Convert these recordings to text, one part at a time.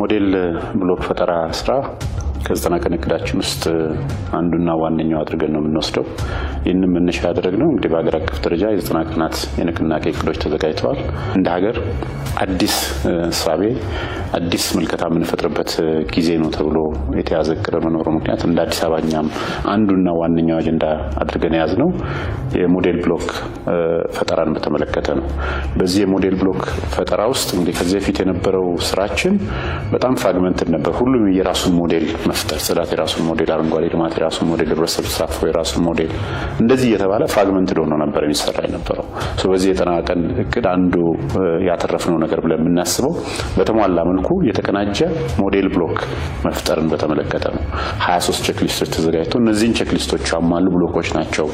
ሞዴል ብሎክ ፈጠራ ስራ ከዘጠና ቀን እቅዳችን ውስጥ አንዱና ዋነኛው አድርገን ነው የምንወስደው። ይህንን መነሻ ያደረግነው እንግዲህ በሀገር አቀፍ ደረጃ የዘጠና ቀናት የንቅናቄ እቅዶች ተዘጋጅተዋል። እንደ ሀገር አዲስ እሳቤ አዲስ ምልከታ የምንፈጥርበት ጊዜ ነው ተብሎ የተያዘ እቅድ መኖሩ ምክንያት እንደ አዲስ አበባ እኛም አንዱና ዋነኛው አጀንዳ አድርገን የያዝ ነው የሞዴል ብሎክ ፈጠራን በተመለከተ ነው። በዚህ የሞዴል ብሎክ ፈጠራ ውስጥ እንግዲህ ከዚህ በፊት የነበረው ስራችን በጣም ፍራግመንትን ነበር። ሁሉም የራሱን ሞዴል መፍጠር፣ ጽዳት የራሱን ሞዴል፣ አረንጓዴ ልማት የራሱን ሞዴል፣ ህብረተሰብ ተሳትፎ የራሱን ሞዴል፣ እንደዚህ እየተባለ ፍራግመንትድ ሆኖ ነበር የሚሰራ የነበረው። በዚህ የጠናቀን እቅድ አንዱ ያተረፍነው ነገር ብለን የምናስበው በተሟላ መልኩ የተቀናጀ ሞዴል ብሎክ መፍጠርን በተመለከተ ነው። 23 ቼክሊስቶች ተዘጋጅተው እነዚህን ቼክሊስቶች ያሟሉ ብሎኮች ናቸው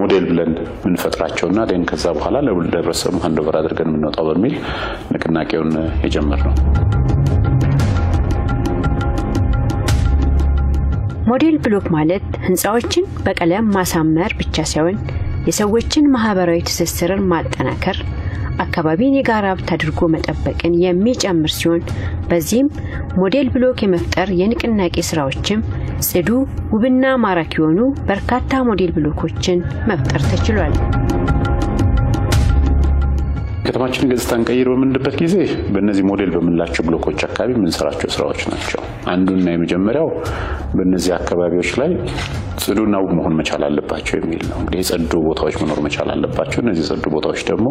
ሞዴል ብለን የምንፈጥራቸውና ን ከዛ በኋላ ለህብረተሰቡ ሀንዶቨር አድርገን የምንወጣው በሚል ንቅናቄውን የጀመር ነው። ሞዴል ብሎክ ማለት ህንፃዎችን በቀለም ማሳመር ብቻ ሳይሆን የሰዎችን ማህበራዊ ትስስርን ማጠናከር አካባቢን የጋራ ሀብት አድርጎ መጠበቅን የሚጨምር ሲሆን በዚህም ሞዴል ብሎክ የመፍጠር የንቅናቄ ስራዎችም ጽዱ፣ ውብና ማራኪ የሆኑ በርካታ ሞዴል ብሎኮችን መፍጠር ተችሏል። ከተማችን ገጽታን ቀይር በምንልበት ጊዜ በእነዚህ ሞዴል በምንላቸው ብሎኮች አካባቢ የምንሰራቸው ስራዎች ናቸው። አንዱና የመጀመሪያው በእነዚህ አካባቢዎች ላይ ጽዱና ውብ መሆን መቻል አለባቸው የሚል ነው። እንግዲህ የጸዱ ቦታዎች መኖር መቻል አለባቸው። እነዚህ የጸዱ ቦታዎች ደግሞ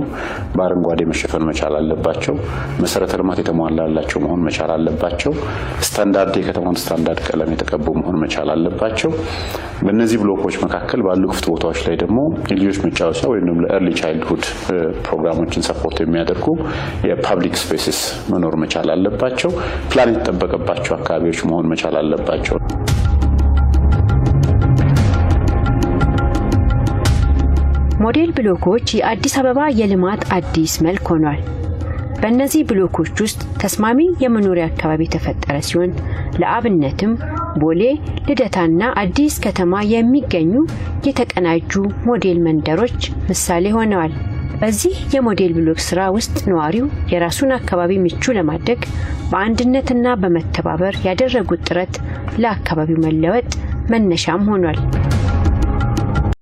በአረንጓዴ መሸፈን መቻል አለባቸው። መሰረተ ልማት የተሟላላቸው መሆን መቻል አለባቸው። ስታንዳርድ የከተማውን ስታንዳርድ ቀለም የተቀቡ መሆን መቻል አለባቸው። በእነዚህ ብሎኮች መካከል ባሉ ክፍት ቦታዎች ላይ ደግሞ የልጆች መጫወቻ ወይም ደግሞ ለኤርሊ ቻይልድሁድ ፕሮግራሞችን ሰፖርት የሚያደርጉ የፓብሊክ ስፔስስ መኖር መቻል አለባቸው። ፕላን የተጠበቀባቸው አካባቢዎች መሆን መቻል አለባቸው። ሞዴል ብሎኮች የአዲስ አበባ የልማት አዲስ መልክ ሆኗል። በእነዚህ ብሎኮች ውስጥ ተስማሚ የመኖሪያ አካባቢ የተፈጠረ ሲሆን ለአብነትም ቦሌ፣ ልደታና አዲስ ከተማ የሚገኙ የተቀናጁ ሞዴል መንደሮች ምሳሌ ሆነዋል። በዚህ የሞዴል ብሎክ ስራ ውስጥ ነዋሪው የራሱን አካባቢ ምቹ ለማድረግ በአንድነትና በመተባበር ያደረጉት ጥረት ለአካባቢው መለወጥ መነሻም ሆኗል።